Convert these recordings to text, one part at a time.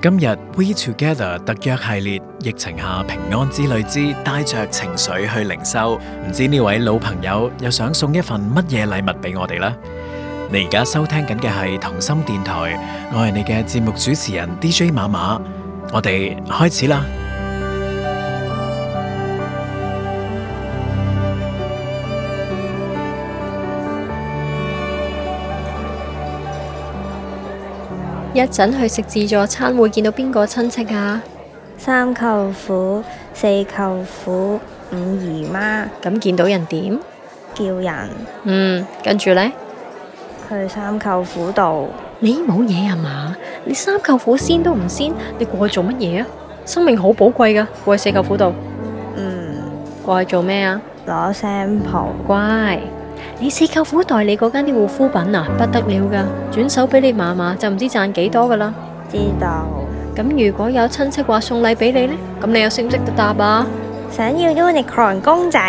今日 We Together 特約系列，疫情下平安之旅之帶着情緒去靈修，唔知呢位老朋友又想送一份乜嘢禮物俾我哋呢？你而家收聽緊嘅係同心電台，我係你嘅節目主持人 DJ 馬馬，我哋開始啦。一陣去食自助餐會見到邊個親戚啊？三舅父、四舅父、五姨媽，咁見到人點？叫人。嗯，跟住呢？去三舅父度。你冇嘢啊嘛？你三舅父先都唔先，你過去做乜嘢啊？生命好寶貴噶，過去四舅父度，嗯。嗯，過去做咩啊？攞 s a 乖。你四舅父代理嗰間啲護膚品啊，不得了噶，轉手俾你嫲嫲就唔知賺幾多噶啦。知道。咁如果有親戚話送禮俾你呢，咁你有識唔識得答啊？想要多你狂公仔，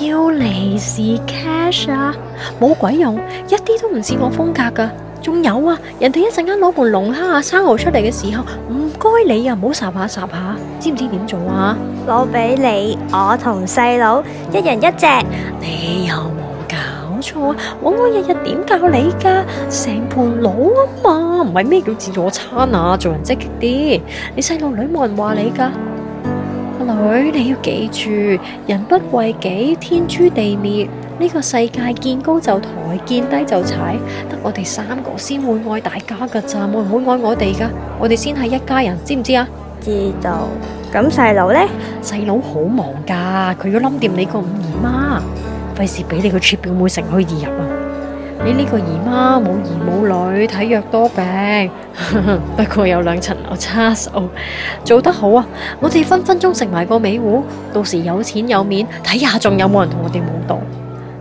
要利是 cash 啊，冇鬼用，一啲都唔似我風格噶。仲有啊，人哋一陣間攞盤龍蝦啊生蠔出嚟嘅時候，唔該你啊，唔好霎下霎下，知唔知點做啊？攞俾你，我同細佬一人一隻，你又。錯啊！我我日日點教你噶？成盤佬啊嘛，唔係咩叫自助餐啊？做人積極啲，你細路女冇人話你噶？阿女，你要記住，人不為己，天誅地滅。呢個世界見高就抬，見低就踩，得我哋三個先會愛大家噶咋？冇人會愛我哋噶？我哋先係一家人，知唔知啊？知道。咁細佬咧？細佬好忙噶，佢要冧掂你個五姨媽，費事俾你個 c h e p 表妹乘虛而入啊！你呢個姨媽冇兒冇女，體弱多病，不 過有兩層我差數，oh, 做得好啊！我哋分分鐘食埋個美戶，到時有錢有面，睇下仲有冇人同我哋舞蹈。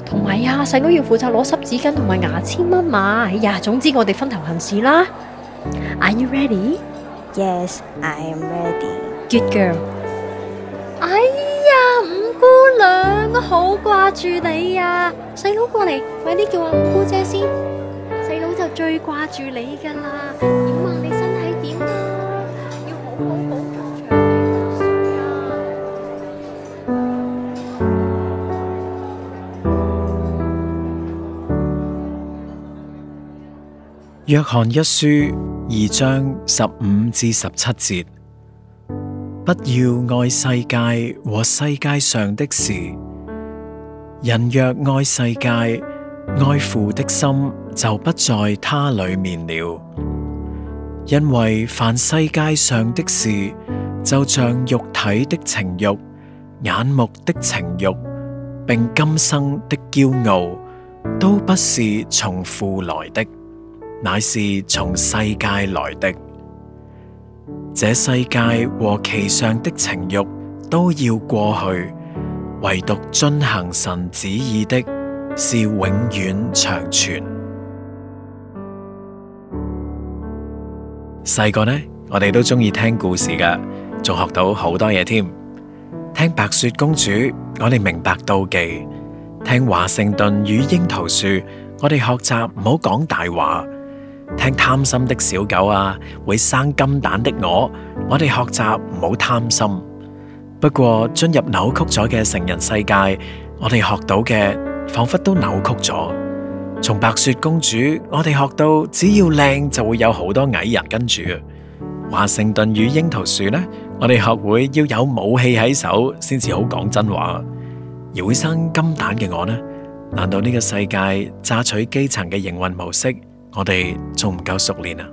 同埋啊，細佬要負責攞濕紙巾同埋牙籤蚊買。哎呀，總之我哋分頭行事啦。Are you ready? Yes, I'm a ready. Good girl。哎呀！姑娘，我好掛住你啊。細佬過嚟快啲叫阿姑姐先。細佬就最掛住你噶啦，點啊？你身體點？要好好保重，長命百歲啊！約翰一書二章十五至十七節。不要愛世界和世界上的事。人若愛世界，愛父的心就不在他裡面了。因為凡世界上的事，就像肉體的情欲，眼目的情欲，并今生的驕傲，都不是從父來的，乃是從世界來的。這世界和其上的情慾都要過去，唯獨遵行神旨意的是永遠常存。細個 呢，我哋都中意聽故事噶，仲學到好多嘢添。聽白雪公主，我哋明白妒忌；聽華盛頓與櫻桃樹，我哋學習唔好講大話。聽貪心的小狗啊，會生金蛋的鵝，我哋學習唔好貪心。不過進入扭曲咗嘅成人世界，我哋學到嘅仿佛都扭曲咗。從白雪公主，我哋學到只要靚就會有好多矮人跟住。華盛頓與櫻桃樹呢，我哋學會要有武器喺手先至好講真話。而會生金蛋嘅鵝呢？難道呢個世界榨取基層嘅營運模式？我哋仲唔夠熟練啊！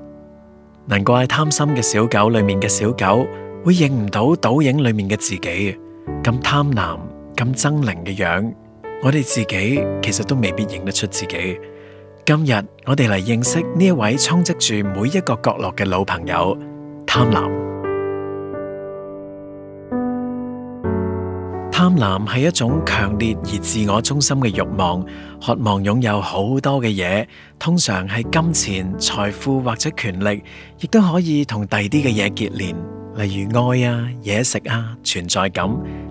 難怪貪心嘅小狗裏面嘅小狗會認唔到倒影裏面嘅自己，咁貪婪、咁猙獰嘅樣，我哋自己其實都未必認得出自己。今日我哋嚟認識呢位充斥住每一個角落嘅老朋友，貪婪。貪婪係一種強烈而自我中心嘅慾望，渴望擁有好多嘅嘢，通常係金錢、財富或者權力，亦都可以同第啲嘅嘢結連，例如愛啊、嘢食啊、存在感，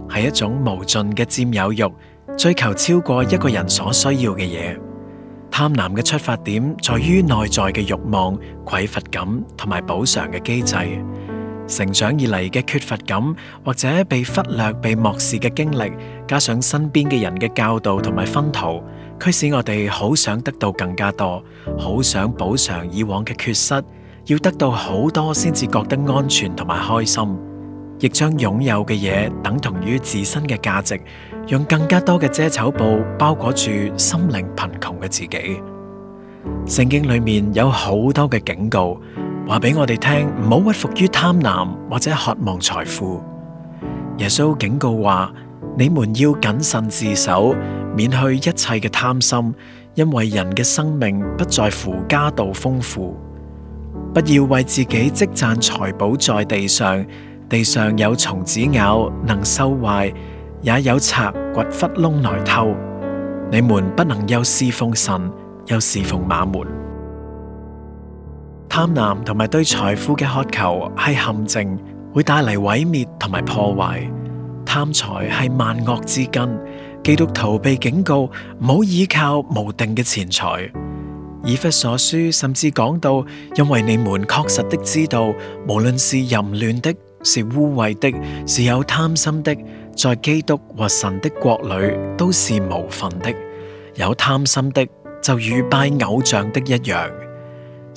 係一種無盡嘅佔有欲，追求超過一個人所需要嘅嘢。貪婪嘅出發點在於內在嘅慾望、匱乏感同埋補償嘅機制。成長以嚟嘅缺乏感，或者被忽略、被漠視嘅經歷，加上身邊嘅人嘅教導同埋熏陶，驅使我哋好想得到更加多，好想補償以往嘅缺失，要得到好多先至覺得安全同埋開心，亦將擁有嘅嘢等同於自身嘅價值，用更加多嘅遮醜布包裹住心靈貧窮嘅自己。聖經裏面有好多嘅警告。話俾我哋聽，唔好屈服於貪婪或者渴望財富。耶穌警告話：你們要謹慎自守，免去一切嘅貪心，因為人嘅生命不在乎家道豐富。不要為自己積攢財寶在地上，地上有蟲子咬，能收壞；也有賊掘窟窿來偷。你們不能又侍奉神，又侍奉馬門。貪婪同埋對財富嘅渴求係陷阱，會帶嚟毀滅同埋破壞。貪財係萬惡之根。基督徒被警告唔好依靠無定嘅錢財。以弗所書甚至講到，因為你們確實的知道，無論是淫亂的，是污穢的，是有貪心的，在基督或神的國裡都是無分的。有貪心的就如拜偶像的一樣。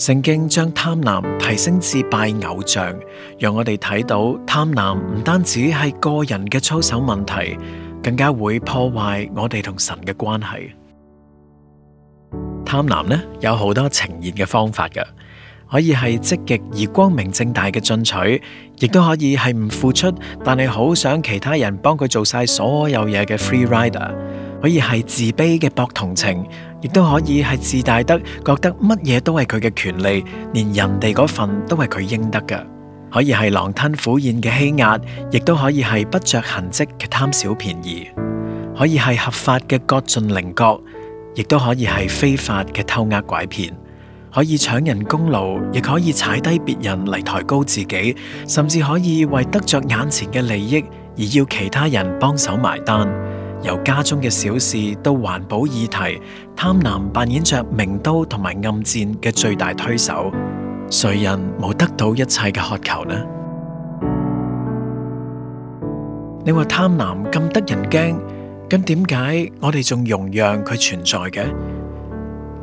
聖經將貪婪提升至拜偶像，讓我哋睇到貪婪唔單止係個人嘅操守問題，更加會破壞我哋同神嘅關係。貪婪呢，有好多呈現嘅方法嘅，可以係積極而光明正大嘅進取，亦都可以係唔付出但係好想其他人幫佢做晒所有嘢嘅 free rider，可以係自卑嘅博同情。亦都可以係自大得，覺得乜嘢都係佢嘅權利，連人哋嗰份都係佢應得嘅。可以係狼吞虎咽嘅欺壓，亦都可以係不着痕迹嘅貪小便宜。可以係合法嘅割盡零角，亦都可以係非法嘅偷呃拐騙。可以搶人功勞，亦可以踩低別人嚟抬高自己，甚至可以為得着眼前嘅利益而要其他人幫手埋單。由家中嘅小事到環保議題，貪婪扮演着明刀同埋暗箭嘅最大推手。誰人冇得到一切嘅渴求呢？你話貪婪咁得人驚，咁點解我哋仲容忍佢存在嘅？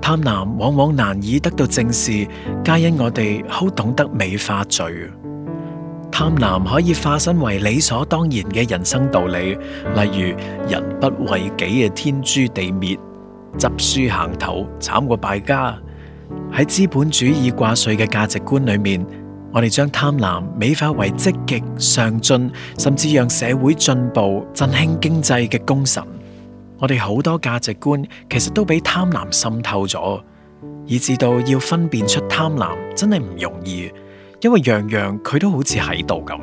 貪婪往往難以得到正視，皆因我哋好懂得美化罪。貪婪可以化身為理所當然嘅人生道理，例如人不為己嘅天誅地滅、執輸行頭慘過敗家。喺資本主義掛帥嘅價值觀裏面，我哋將貪婪美化為積極上進，甚至讓社會進步、振興經濟嘅功臣。我哋好多價值觀其實都俾貪婪滲透咗，以至到要分辨出貪婪真係唔容易。因為樣樣佢都好似喺度咁，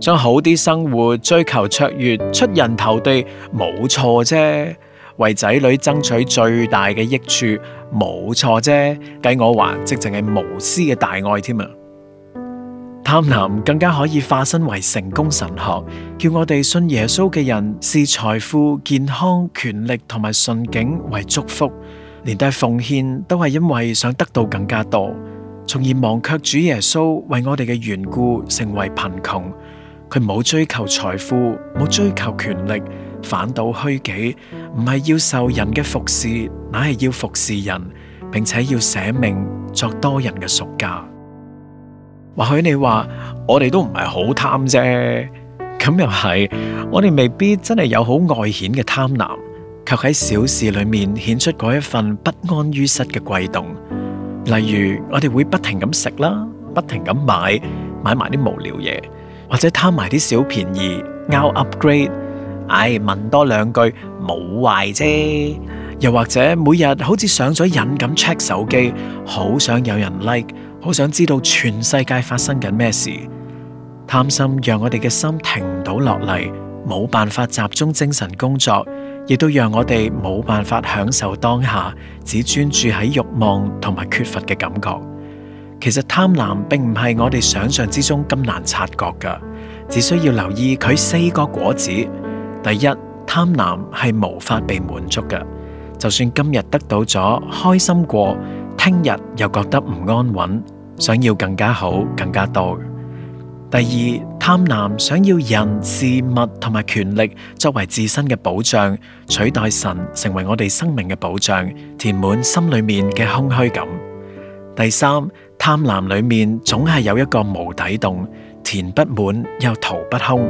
想好啲生活，追求卓越，出人頭地，冇錯啫。為仔女爭取最大嘅益處，冇錯啫。計我話，直情係無私嘅大愛添啊！貪婪更加可以化身為成功神學，叫我哋信耶穌嘅人視財富、健康、權力同埋順境為祝福，連帶奉獻都係因為想得到更加多。從而忘卻主耶穌為我哋嘅緣故成為貧窮，佢冇追求財富，冇追求權力，反倒虛己，唔係要受人嘅服侍，乃係要服侍人，並且要捨命作多人嘅贖價。或許你話我哋都唔係好貪啫，咁又係，我哋未必真係有好外顯嘅貪婪，卻喺小事裏面顯出嗰一份不安於室嘅悸動。例如，我哋會不停咁食啦，不停咁買，買埋啲無聊嘢，或者貪埋啲小便宜，拗 upgrade，唉，問多兩句冇壞啫。又或者每日好似上咗癮咁 check 手機，好想有人 like，好想知道全世界發生緊咩事。貪心讓我哋嘅心停唔到落嚟，冇辦法集中精神工作。亦都讓我哋冇辦法享受當下，只專注喺慾望同埋缺乏嘅感覺。其實貪婪並唔係我哋想象之中咁難察覺㗎，只需要留意佢四個果子。第一，貪婪係無法被滿足㗎，就算今日得到咗，開心過，聽日又覺得唔安穩，想要更加好、更加多。第二。貪婪想要人事物同埋權力作為自身嘅保障，取代神成為我哋生命嘅保障，填滿心裏面嘅空虛感。第三，貪婪裏面總係有一個無底洞，填不滿又掏不空，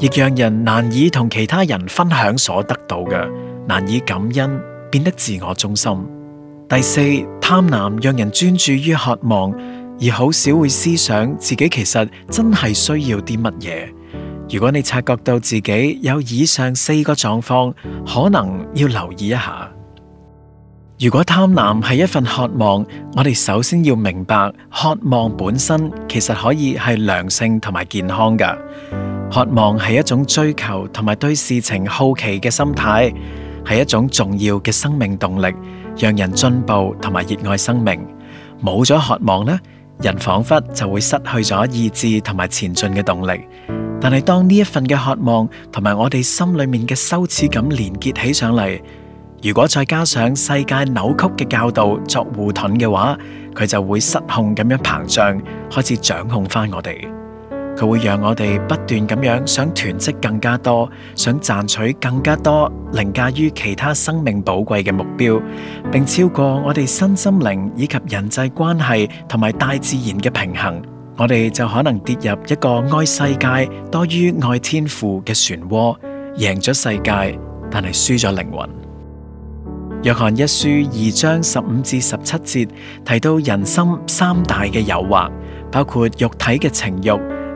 亦讓人難以同其他人分享所得到嘅，難以感恩，變得自我中心。第四，貪婪讓人專注於渴望。而好少會思想自己其實真係需要啲乜嘢。如果你察覺到自己有以上四個狀況，可能要留意一下。如果貪婪係一份渴望，我哋首先要明白，渴望本身其實可以係良性同埋健康㗎。渴望係一種追求同埋對事情好奇嘅心態，係一種重要嘅生命動力，讓人進步同埋熱愛生命。冇咗渴望呢？人仿佛就會失去咗意志同埋前進嘅動力，但係當呢一份嘅渴望同埋我哋心裏面嘅羞恥感連結起上嚟，如果再加上世界扭曲嘅教導作護盾嘅話，佢就會失控咁樣膨脹，開始掌控翻我哋。佢會讓我哋不斷咁樣想囤積更加多，想賺取更加多，凌駕於其他生命寶貴嘅目標，並超過我哋身心靈以及人際關係同埋大自然嘅平衡，我哋就可能跌入一個愛世界多於愛天父嘅漩渦，贏咗世界，但係輸咗靈魂。約翰一書二章十五至十七節提到人心三大嘅誘惑，包括肉體嘅情慾，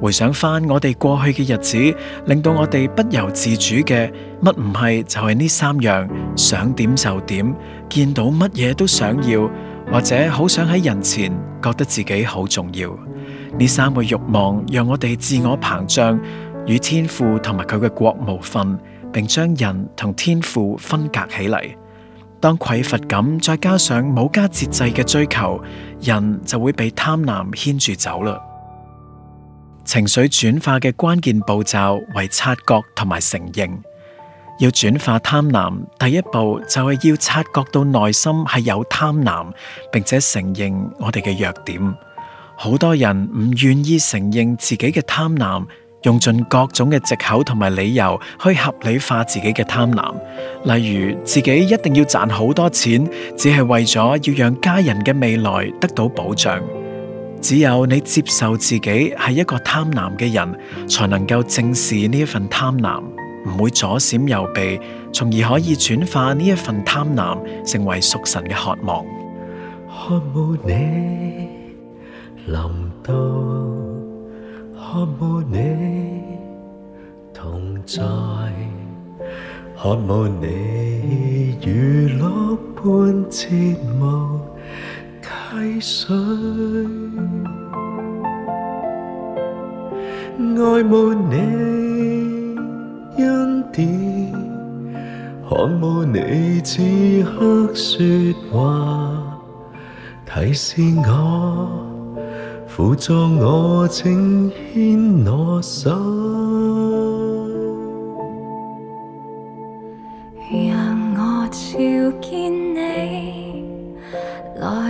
回想翻我哋過去嘅日子，令到我哋不由自主嘅乜唔係就係呢三樣，想點就點，見到乜嘢都想要，或者好想喺人前覺得自己好重要。呢三個慾望讓我哋自我膨脹，與天父同埋佢嘅國無份，並將人同天父分隔起嚟。當匱乏感再加上冇加節制嘅追求，人就會被貪婪牽住走啦。情緒轉化嘅關鍵步驟為察覺同埋承認。要轉化貪婪，第一步就係要察覺到內心係有貪婪，並且承認我哋嘅弱點。好多人唔願意承認自己嘅貪婪，用盡各種嘅借口同埋理由去合理化自己嘅貪婪。例如，自己一定要賺好多錢，只係為咗要讓家人嘅未來得到保障。只有你接受自己係一個貪婪嘅人，才能夠正視呢份貪婪，唔會左閃右避，從而可以轉化呢份貪婪成為屬神嘅渴望。渴慕你臨到，渴慕你同在，渴慕你如鹿般切慕。淚水，愛慕你恩典，渴慕你此刻說話，提示我，輔助我，請牽我手。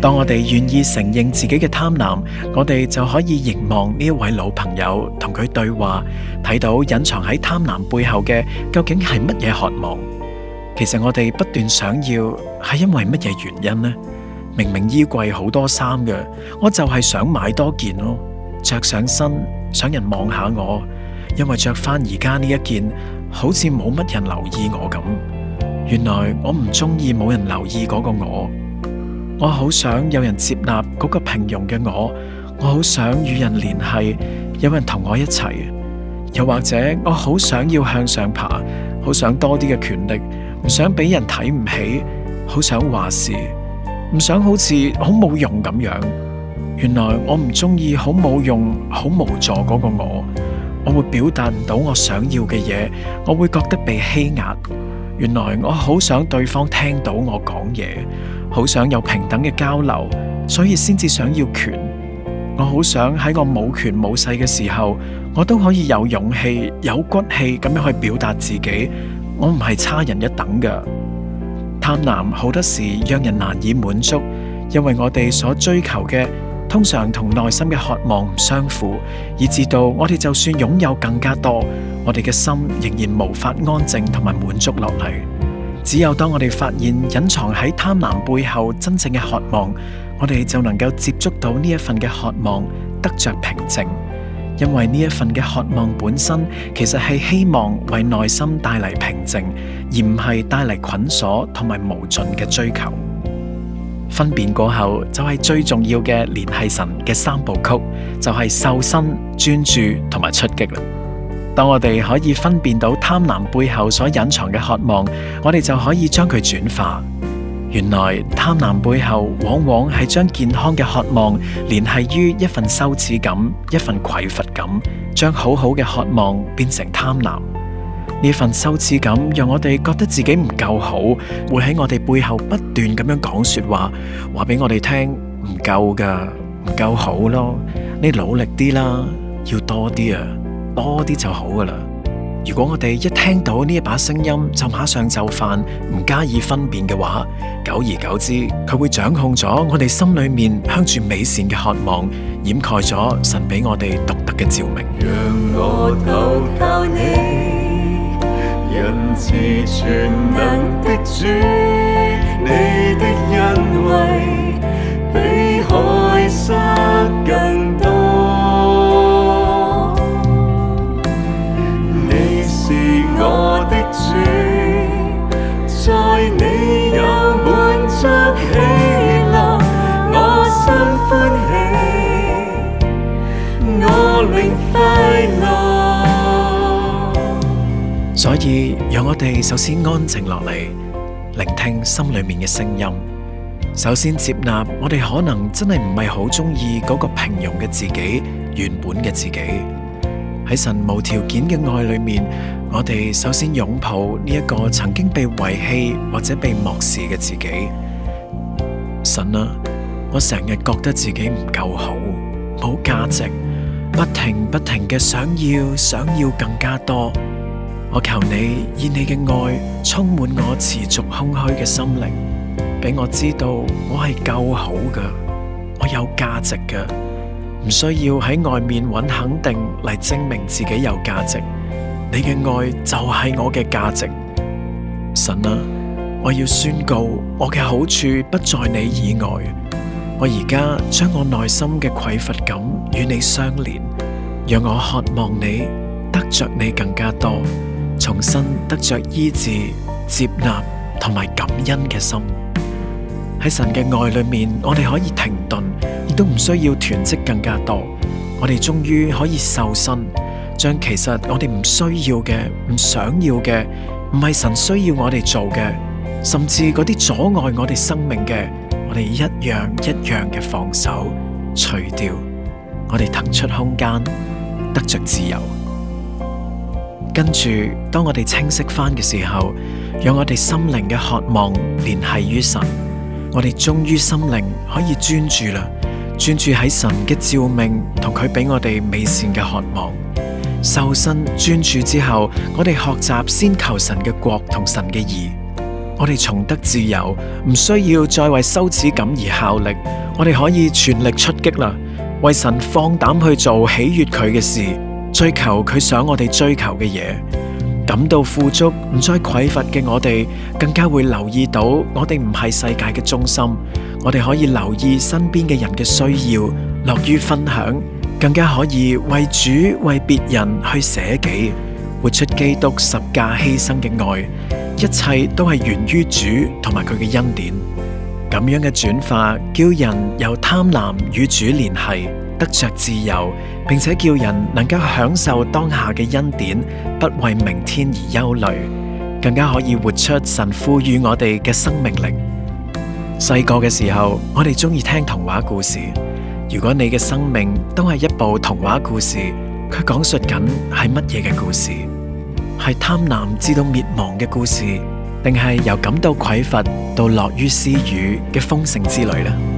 當我哋願意承認自己嘅貪婪，我哋就可以凝望呢一位老朋友，同佢對話，睇到隱藏喺貪婪背後嘅究竟係乜嘢渴望。其實我哋不斷想要，係因為乜嘢原因呢？明明衣櫃好多衫嘅，我就係想買多件咯，着上身想人望下我，因為着翻而家呢一件好似冇乜人留意我咁。原來我唔中意冇人留意嗰個我。我好想有人接納嗰個平庸嘅我，我好想與人聯繫，有人同我一齊。又或者我好想要向上爬，好想多啲嘅權力，唔想俾人睇唔起，好想話事，唔想好似好冇用咁樣。原來我唔中意好冇用、好無助嗰個我，我會表達唔到我想要嘅嘢，我會覺得被欺壓。原來我好想對方聽到我講嘢。好想有平等嘅交流，所以先至想要權。我好想喺我冇權冇勢嘅時候，我都可以有勇氣、有骨氣咁樣去表達自己。我唔係差人一等嘅。貪婪好多時讓人難以滿足，因為我哋所追求嘅通常同內心嘅渴望唔相符，以至到我哋就算擁有更加多，我哋嘅心仍然無法安靜同埋滿足落嚟。只有當我哋發現隱藏喺貪婪背後真正嘅渴望，我哋就能夠接觸到呢一份嘅渴望，得着平靜。因為呢一份嘅渴望本身其實係希望為內心帶嚟平靜，而唔係帶嚟捆鎖同埋無盡嘅追求。分辨過後，就係最重要嘅聯繫神嘅三部曲，就係瘦身、專注同埋出擊啦。當我哋可以分辨到貪婪背後所隱藏嘅渴望，我哋就可以將佢轉化。原來貪婪背後往往係將健康嘅渴望聯繫於一份羞恥感、一份匱乏感，將好好嘅渴望變成貪婪。呢份羞恥感讓我哋覺得自己唔夠好，會喺我哋背後不斷咁樣講說話，話俾我哋聽，唔夠㗎，唔夠好咯，你努力啲啦，要多啲啊！多啲就好噶啦。如果我哋一聽到呢一把聲音就馬上就範，唔加以分辨嘅話，久而久之，佢會掌控咗我哋心裏面向住美善嘅渴望，掩蓋咗神俾我哋獨特嘅照明。先安靜落嚟，聆聽心裏面嘅聲音。首先接納我哋可能真係唔係好中意嗰個平庸嘅自己，原本嘅自己。喺神無條件嘅愛裏面，我哋首先擁抱呢一個曾經被遺棄或者被漠視嘅自己。神啊，我成日覺得自己唔夠好，冇價值，不停不停嘅想要，想要更加多。我求你以你嘅愛充滿我持續空虛嘅心靈，俾我知道我係夠好嘅，我有價值嘅，唔需要喺外面揾肯定嚟證明自己有價值。你嘅愛就係我嘅價值，神啊！我要宣告我嘅好處不在你以外。我而家將我內心嘅匱乏感與你相連，讓我渴望你，得着你更加多。重新得着醫治、接納同埋感恩嘅心，喺神嘅愛裏面，我哋可以停頓，亦都唔需要囤積更加多。我哋終於可以瘦身，將其實我哋唔需要嘅、唔想要嘅、唔係神需要我哋做嘅，甚至嗰啲阻礙我哋生命嘅，我哋一樣一樣嘅放手除掉，我哋騰出空間，得着自由。跟住，當我哋清晰翻嘅時候，讓我哋心靈嘅渴望聯繫於神，我哋終於心靈可以專注啦，專注喺神嘅召命同佢俾我哋美善嘅渴望。瘦身專注之後，我哋學習先求神嘅國同神嘅義，我哋重得自由，唔需要再為羞恥感而效力，我哋可以全力出擊啦，為神放膽去做喜悅佢嘅事。追求佢想我哋追求嘅嘢，感到富足唔再匱乏嘅我哋，更加會留意到我哋唔係世界嘅中心。我哋可以留意身邊嘅人嘅需要，樂於分享，更加可以為主為別人去捨己，活出基督十架犧牲嘅愛。一切都係源於主同埋佢嘅恩典。咁樣嘅轉化，叫人由貪婪與主聯繫。得着自由，並且叫人能夠享受當下嘅恩典，不為明天而憂慮，更加可以活出神賦予我哋嘅生命力。細個嘅時候，我哋鍾意聽童話故事。如果你嘅生命都係一部童話故事，佢講述緊係乜嘢嘅故事？係貪婪至到滅亡嘅故事，定係由感到匱乏到樂於施予嘅豐盛之旅呢？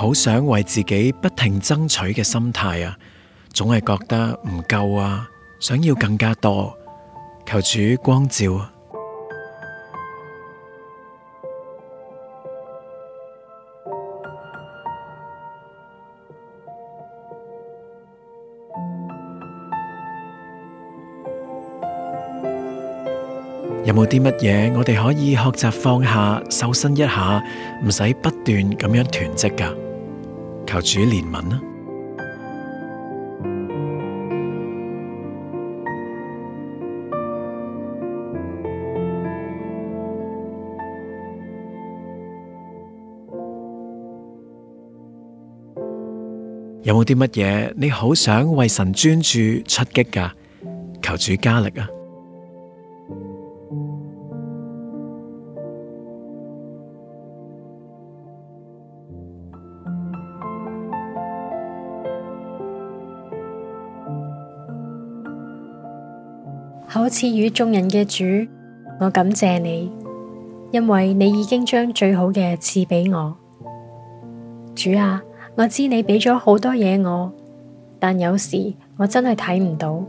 好想為自己不停爭取嘅心態啊，總係覺得唔夠啊，想要更加多，求主光照啊！ 有冇啲乜嘢我哋可以學習放下，瘦身一下，唔使不斷咁樣囤積㗎？求主憐憫啦！有冇啲乜嘢你好想為神專注出擊㗎？求主加力啊！賜予眾人嘅主，我感謝你，因為你已經將最好嘅賜俾我。主啊，我知你俾咗好多嘢我，但有時我真係睇唔到，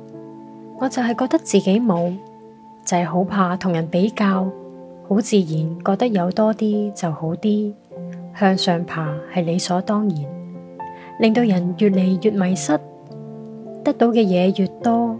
我就係覺得自己冇，就係、是、好怕同人比較，好自然覺得有多啲就好啲，向上爬係理所當然，令到人越嚟越迷失，得到嘅嘢越多。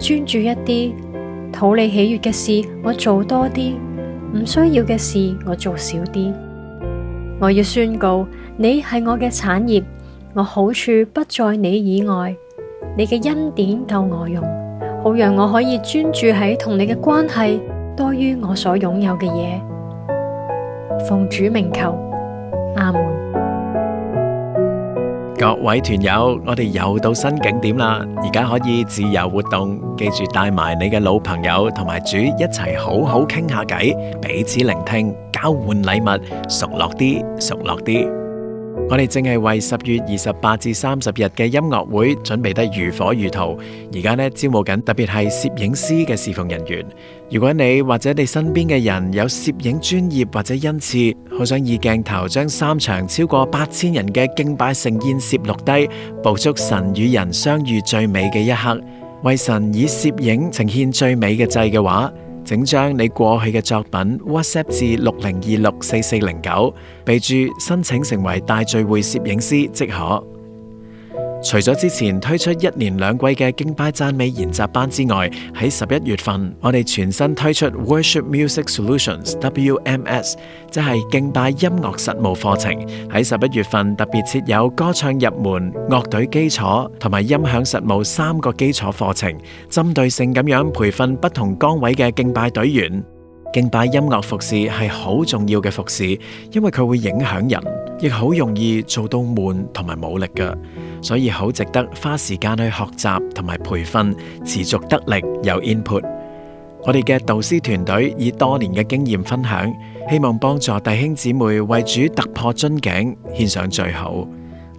專注一啲，討你喜悦嘅事我做多啲，唔需要嘅事我做少啲。我要宣告，你係我嘅產業，我好處不在你以外，你嘅恩典夠我用，好讓我可以專注喺同你嘅關係多於我所擁有嘅嘢。奉主名求，阿門。各位團友，我哋又到新景點啦，而家可以自由活動，記住帶埋你嘅老朋友同埋主一齊，好好傾下偈，彼此聆聽，交換禮物，熟絡啲，熟絡啲。我哋正係為十月二十八至三十日嘅音樂會準備得如火如荼，而家呢，招募緊特別係攝影師嘅侍奉人員。如果你或者你身邊嘅人有攝影專業或者恩賜，好想以鏡頭將三場超過八千人嘅敬拜盛宴攝錄低，捕捉神與人相遇最美嘅一刻，為神以攝影呈現最美嘅祭嘅話。請將你過去嘅作品 WhatsApp 至六零二六四四零九，備注申請成為大聚會攝影師即可。除咗之前推出一年兩季嘅敬拜讚美研習班之外，喺十一月份，我哋全新推出 Worship Music Solutions（WMS），即係敬拜音樂實務課程。喺十一月份特別設有歌唱入門、樂隊基礎同埋音響實務三個基礎課程，針對性咁樣培訓不同崗位嘅敬拜隊員。敬拜音樂服侍係好重要嘅服侍，因為佢會影響人，亦好容易做到悶同埋冇力嘅，所以好值得花時間去學習同埋培訓，持續得力有 input。我哋嘅導師團隊以多年嘅經驗分享，希望幫助弟兄姊妹為主突破樽頸，獻上最好。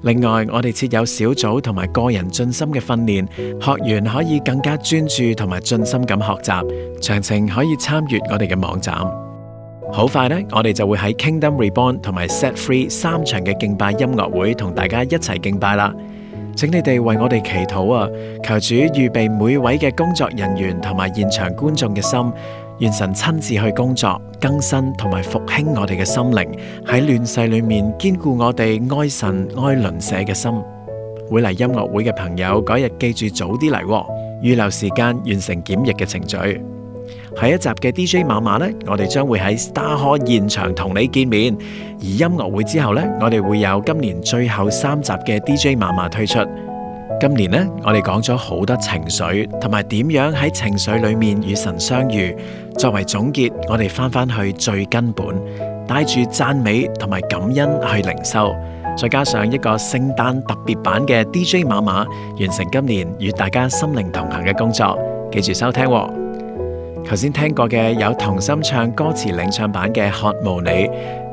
另外，我哋設有小組同埋個人進心嘅訓練，學員可以更加專注同埋進心咁學習。詳情可以參閱我哋嘅網站。好快呢，我哋就會喺 Kingdom Reborn 同埋 Set Free 三場嘅敬拜音樂會同大家一齊敬拜啦！請你哋為我哋祈禱啊！求主預備每位嘅工作人員同埋現場觀眾嘅心。願神親自去工作，更新同埋復興我哋嘅心靈，喺亂世裏面兼顧我哋愛神愛鄰舍嘅心。會嚟音樂會嘅朋友，改日記住早啲嚟，預留時間完成檢疫嘅程序。下一集嘅 DJ 馬馬呢我哋將會喺 Star Hall 現場同你見面。而音樂會之後呢，我哋會有今年最後三集嘅 DJ 馬馬推出。今年呢，我哋講咗好多情緒，同埋點樣喺情緒裏面與神相遇。作為總結，我哋返返去最根本，帶住讚美同埋感恩去靈修，再加上一個聖誕特別版嘅 DJ 馬馬，完成今年與大家心靈同行嘅工作。記住收聽喎。頭先聽過嘅有同心唱歌詞領唱版嘅《渴慕你》，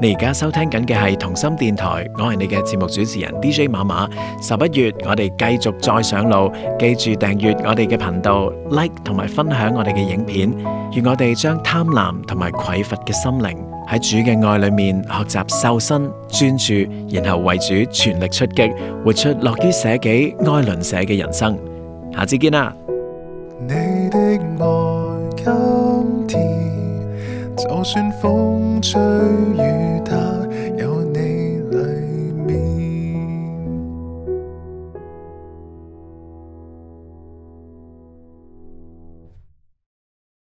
你而家收聽緊嘅係同心電台，我係你嘅節目主持人 DJ 馬馬。十一月我哋繼續再上路，記住訂閱我哋嘅頻道，like 同埋分享我哋嘅影片。願我哋將貪婪同埋匱乏嘅心靈喺主嘅愛裏面學習瘦身專注，然後為主全力出擊，活出樂於捨己、愛鄰舍嘅人生。下次見啦！你的愛。就算風吹雨。